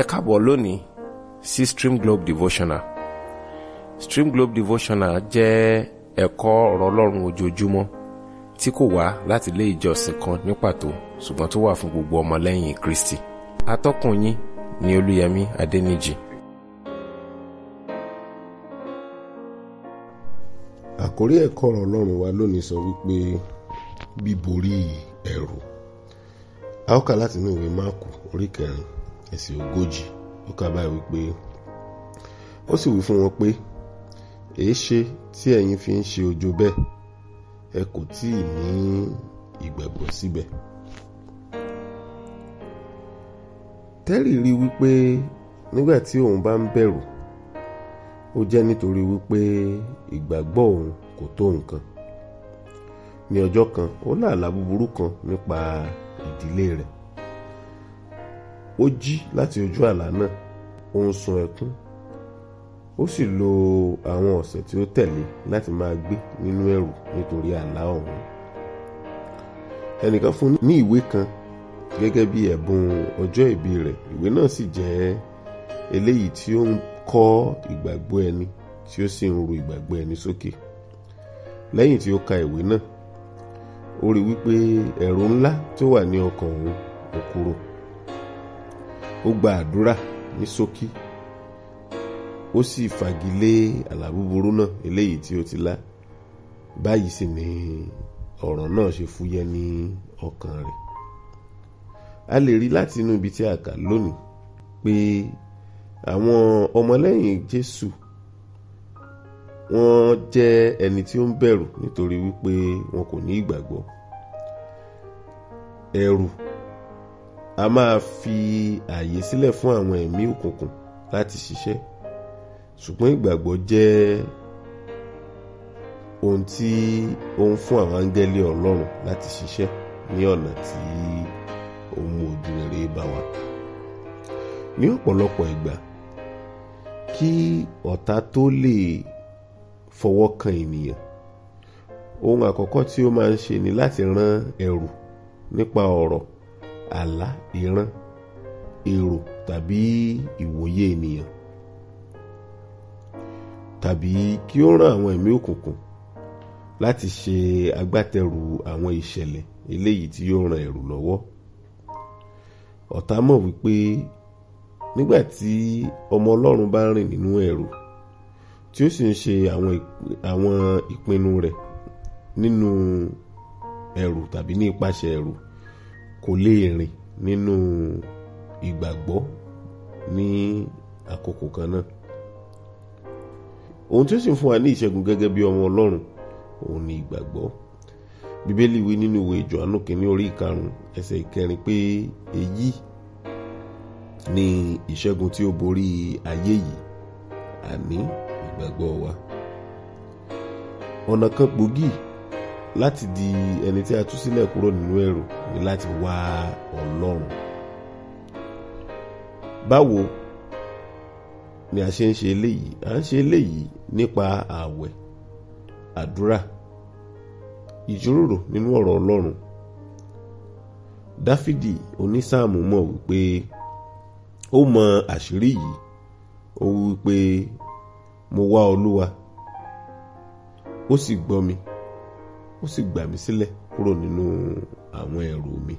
ẹ káàbọ̀ lónìí sí Stream Globe Devotional Stream Globe Devotional jẹ́ ẹ̀kọ́ ọ̀rọ̀ ọlọ́run ojoojúmọ́ tí kò wá láti ilé ìjọsìn kan ní pàtó ṣùgbọ́n tó wà fún gbogbo ọmọlẹ́yìn Kristi atọ́kùn yín ni Olúyẹmí Adẹ́nìjì. àkórí ẹ̀kọ́ ọ̀rọ̀ ọlọ́run wa lónìí sọ wípé bíborí ẹ̀rù a ó kà láti inú ìwé máàkù orí kẹrin ẹsẹ̀ ogójì ó kà báyìí wípé ó sì wí fún wọn pé èéṣe tí ẹ̀yin fi ń ṣe òjò bẹ́ẹ̀ ẹ kò tí ì ní ìgbàgbọ́ síbẹ̀. tẹ́rì rí wípé nígbà tí òun bá ń bẹ̀rù ó jẹ́ nítorí wípé ìgbàgbọ́ òun kò tó nǹkan ní ọjọ́ kan ó lá búburú kan nípa ìdílé rẹ̀ ó jí láti ojú àlá náà ó ń sun ẹkún ó sì lo àwọn ọ̀sẹ̀ tí ó tẹ̀lé láti máa gbé nínú ẹ̀rù nítorí àlá ọ̀hún ẹnìkan fún ní ìwé kan gẹ́gẹ́ bí ẹ̀bùn ọjọ́ ìbí rẹ̀ ìwé náà sì jẹ́ eléyìí tí ó ń kọ́ ìgbàgbọ́ ẹni tí ó sì ń ru ìgbàgbọ́ ẹni sókè lẹ́yìn tí ó ka ìwé náà ó rí wípé ẹ̀rù ńlá tó wà ní ọkàn òun ò kúrò ó gba àdúrà ní ṣókí ó sì fagilé àlá búburú náà eléyìí tí ó ti lá báyìí sì ni ọ̀rọ̀ náà ṣe fúyẹ́ ní ọkàn rẹ̀ a lè rí láti inú ibi tí a kà lónìí pé àwọn ọmọlẹ́yìn Jésù wọ́n jẹ́ ẹni tí ó ń bẹ̀rù nítorí wípé wọn kò ní ìgbàgbọ́ ẹ̀rù a máa fi ààyè sílẹ̀ fún àwọn ẹ̀mí òkùnkùn láti ṣiṣẹ́ ṣùgbọ́n ìgbàgbọ́ jẹ́ ohun tí ó ń fún àwọn áńgẹ́lì ọlọ́run láti ṣiṣẹ́ ní ọ̀nà tí ó mú ojú rere bá wa ní ọ̀pọ̀lọpọ̀ ìgbà kí ọ̀tá tó lè fọwọ́ kan ènìyàn ohun àkọ́kọ́ tí ó máa ń ṣe ni láti rán ẹ̀rù nípa ọ̀rọ̀ àlá ìran èrò tàbí ìwòye ènìyàn tàbí kí ó ràn àwọn ẹ̀mí òkùnkùn láti ṣe agbátẹrù àwọn ìṣẹ̀lẹ̀ eléyìí tí yóò ran ẹ̀rù lọ́wọ́ ọ̀tá mọ̀ wípé nígbà tí ọmọ Ọlọ́run bá rìn nínú ẹ̀rù tí ó sì ń ṣe àwọn ìpinnu rẹ̀ nínú ẹ̀rù tàbí ní ipasẹ̀ ẹ̀rù kò lè rìn nínú ìgbàgbọ́ ní àkókò kan náà ohun tí ó sì ń fún wa ní ìṣẹ́gun gẹ́gẹ́ bí ọmọ ọlọ́run òun ni ìgbàgbọ́ bíbélì wí nínú ìwé Jòhánù kìíní orí ìkarùn ẹsẹ̀ ìkẹrin pé èyí ni ìṣẹ́gun tí ó borí ayé yìí àní ìgbàgbọ́ wa ọ̀nà kan gbòógì láti di ẹni tí a tú sílẹ̀ kúrò nínú ẹ̀rù ni láti wá ọlọ́run báwo ni a ṣe ń ṣe eléyìí a ń ṣe eléyìí nípa ààwẹ̀ àdúrà ìjíròrò nínú ọ̀rọ̀ ọlọ́run dáfídì onísáàmù mọ̀ wípé ó mọ àṣírí yìí ó wípé mo wá olúwa ó sì gbọ́ mi ó sì gbà mí sílẹ̀ kúrò nínú àwọn ẹ̀rù mi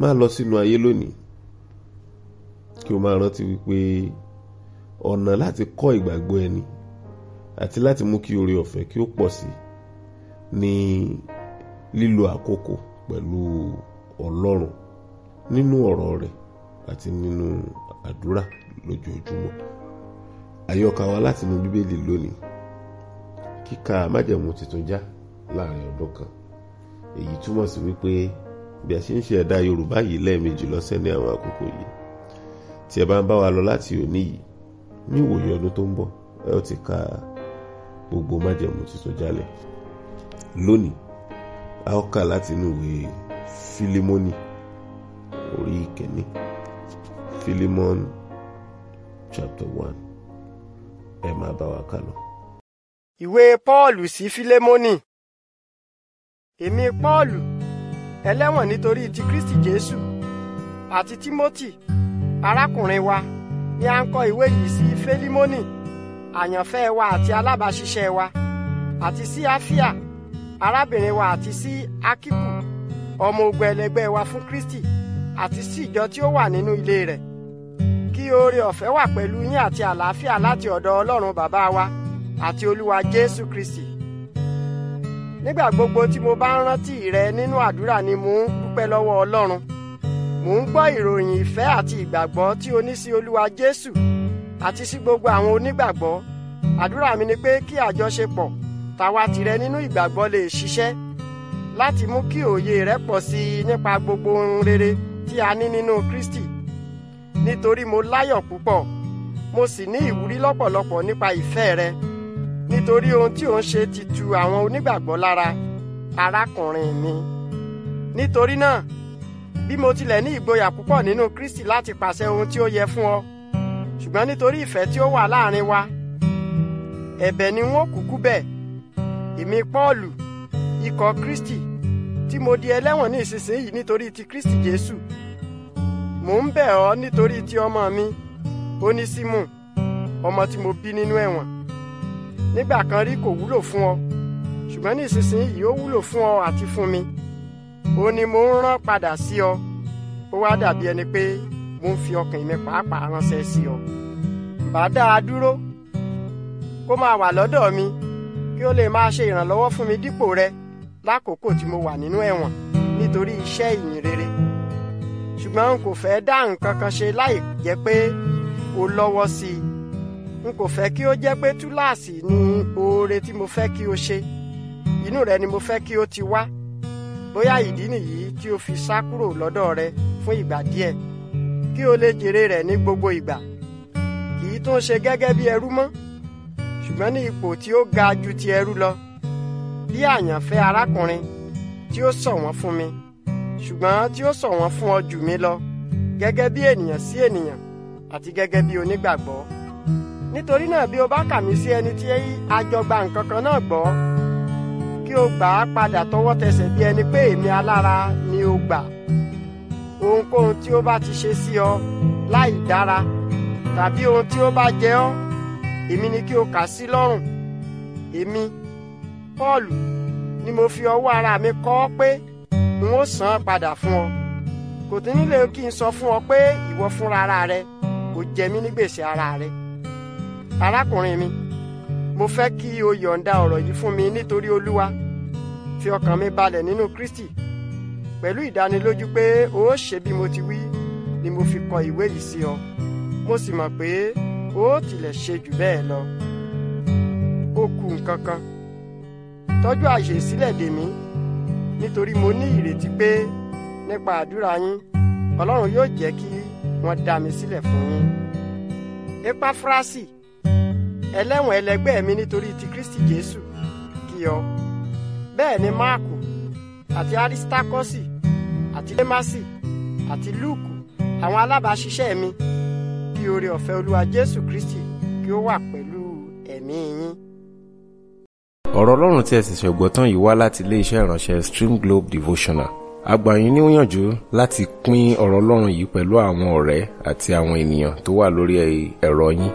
máa lọ sínú ayé lónìí kí o máa rántí wípé ọ̀nà láti kọ́ ìgbàgbọ́ ẹni àti láti mú kí oore ọ̀fẹ́ kí ó pọ̀ sí ní lílo àkókò pẹ̀lú ọlọ́run nínú ọ̀rọ̀ rẹ̀ àti nínú àdúrà lójoojúmọ́ àyọkà wa látinú bíbélì lónìí kíka májẹ̀mú tuntun já. Ja láàrin ọdún kan èyí túmọ̀ sí wípé bí a ṣe ń ṣe ẹ̀dá yorùbá yìí lẹ́ẹ̀mejì lọ́sẹ̀ ní àwọn àkókò yìí tí ẹ bá ń bá wa lọ láti òní yìí ní ìwòye ọdún tó ń bọ̀ ẹ ó ti ka gbogbo májẹ̀mú tuntun jálẹ̀ lónìí a ó kà láti inú ìwé Fílímọ́nì orí ìkẹ́ni Philemon chapter one ẹ máa bá wa kà lọ. ìwé Pọ́ọ̀lù sí Fílẹ́mọ́nì èmi pọ́ọ̀lù ẹlẹ́wọ̀n nítorí ti kristi jésù àti tímótì arákùnrin wa ni a ń kọ ìwé yìí sí félímónì àyànfẹ́ wa àti alábàáṣiṣẹ́ wa àti sí áfíà arábìnrin wa àti sí akípù ọmọ ogun ẹlẹgbẹ́ wa fún kristi àti sí ìjọ tí ó wà nínú ilé rẹ̀ kí oore ọ̀fẹ́ wà pẹ̀lú yín àti àlàáfíà láti ọ̀dọ̀ ọlọ́run bàbá wa àti olúwa jésù kristi nígbà gbogbo tí mo bá ń rántí rẹ nínú àdúrà ni mò ń dúpẹ́ lọ́wọ́ Ọlọ́run mò ń gbọ́ ìròyìn ìfẹ́ àti ìgbàgbọ́ tí o ní sí Olúwa Jésù àti sí gbogbo àwọn onígbàgbọ́ àdúrà mi ni pé kí àjọṣepọ̀ tàwa tìrẹ nínú ìgbàgbọ́ lè ṣiṣẹ́ láti mú kí òye rẹ pọ̀ sí i nípa gbogbo ohun rere tí a ní nínú Kristi nítorí mo láyọ̀ púpọ̀ mo sì ní ìwúrí lọ́pọ̀lọpọ̀ nípa ìfẹ́ rẹ nítorí ohun tí ò ń ṣe ti tu àwọn onígbàgbọ́ lára arákùnrin mi nítorí náà bí mo tilẹ̀ ní ìgboyà púpọ̀ nínú Kristi láti pàṣẹ ohun tí ó yẹ fún ọ ṣùgbọ́n nítorí ìfẹ́ tí ó wà láàrin wa ẹ̀bẹ̀ ni wọ́n kúkú bẹ̀ èmi Pọ́ọ̀lù ikọ̀ Kristi tí mo di ẹlẹ́wọ̀n ní ìsinsìnyí nítorí ti Kristi Jésù mò ń bẹ̀ ọ́ nítorí ti ọmọ mi Onísímù ọmọ tí mo bí nínú ẹ̀wọ̀n nígbà kan rí kò wúlò fún ọ ṣùgbọ́n nísinsìnyí ó wúlò fún ọ àti fún mi ó ní mo ń rán padà sí ọ ó wá dàbí ẹni pé mo ń fi ọkàn mi pàápàá ránṣẹ́ sí ọ bá dá a dúró kó máa wà lọ́dọ̀ mi kí ó lè máa ṣe ìrànlọ́wọ́ fún mi dípò rẹ lákòókò tí mo wà nínú ẹ̀wọ̀n nítorí iṣẹ́ ìyìn rere ṣùgbọ́n n kò fẹ́ dá nǹkan kan ṣe láì jẹ́ pé o lọ́wọ́ sí i n kò fẹ́ kí ó jẹ́ pé túláàsì ni oore tí mo fẹ́ kí o ṣe inú rẹ ni mo fẹ́ kí o ti wá bóyá ìdí nìyí tí o fi sá kúrò lọ́dọ̀ rẹ fún ìgbà díẹ̀ kí o lè jèrè rẹ ní gbogbo ìgbà kì í tún ṣe gẹ́gẹ́ bí ẹrú mọ́ ṣùgbọ́n ní ipò tí ó ga ju ti ẹrú lọ bí àyànfẹ́ arákùnrin tí ó ṣọ̀wọ́n fún mi ṣùgbọ́n tí ó ṣọ̀wọ́n fún ọ jù mí lọ gẹ́gẹ́ bí ènìyàn sí ènìyàn àti gẹ́gẹ́ bí onígbàgbọ́ nítorí náà bí o bá kà mí sí ẹni tí a jọ gba nǹkan náà gbọ́ kí o gbà á padà tọwọ́ tẹsẹ̀ bí ẹni pé èmi alára ni o gbà ohunkóhun tí ó bá ti ṣe sí ọ láì dára tàbí ohun tí ó bá jẹ ọ èmi ni kí o kà sí lọ́rùn èmi Paul ni mo fi ọwọ́ ara mi kọ ọ́ pé n ó san án padà fún ọ kò tí nílé kí n sọ fún ọ pé ìwọ fúnra ara rẹ kò jẹ mí ní gbèsè ara rẹ arákùnrin mi mo fẹ́ kí o yọ̀ǹda ọ̀rọ̀ yìí fún mi nítorí olúwa fi ọkàn mi balẹ̀ nínú kristi pẹ̀lú ìdánilójú pé o ó ṣe bí mo ti wí ni mo fi kọ ìwé yìí sí ọ mo sì mọ̀ pé o ó tilẹ̀ ṣe jù bẹ́ẹ̀ lọ ó kù nǹkan kan tọ́jú àyè sílẹ̀ dè mí nítorí mo ní ìrètí pé nípa àdúrà yín ọlọ́run yóò jẹ́ kí wọ́n dá mi sílẹ̀ fún yín epafrasi ẹlẹ́wọ̀n ẹlẹgbẹ́ mi nítorí ti Kristi Jésù kí ọ bẹ́ẹ̀ ni Máàkù àti Aristakọ́sì àti Démásì àti Lúùkù àwọn alábàáṣiṣẹ́ mi kí oore ọ̀fẹ́ Olúwa Jésù Kristi kí ó wà pẹ̀lú ẹ̀mí yín. ọ̀rọ̀ Ọlọ́run tí ẹ sì ṣẹ̀gbọ́ tán yìí wá láti iléeṣẹ́ ìránṣẹ́ Stream Globe Devotional agbanyin ní òyànjú láti pín ọ̀rọ̀ Ọlọ́run yìí pẹ̀lú àwọn ọ̀rẹ́ àti àwọn ènìyàn tó wà lórí ẹ̀rọ yín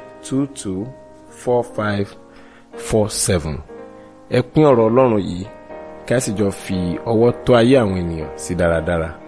two two four five four seven ẹ pín ọ̀rọ̀ ọlọ́run yìí kí a sì jọ fi ọwọ́ tó ayé àwọn ènìyàn sí dáradára.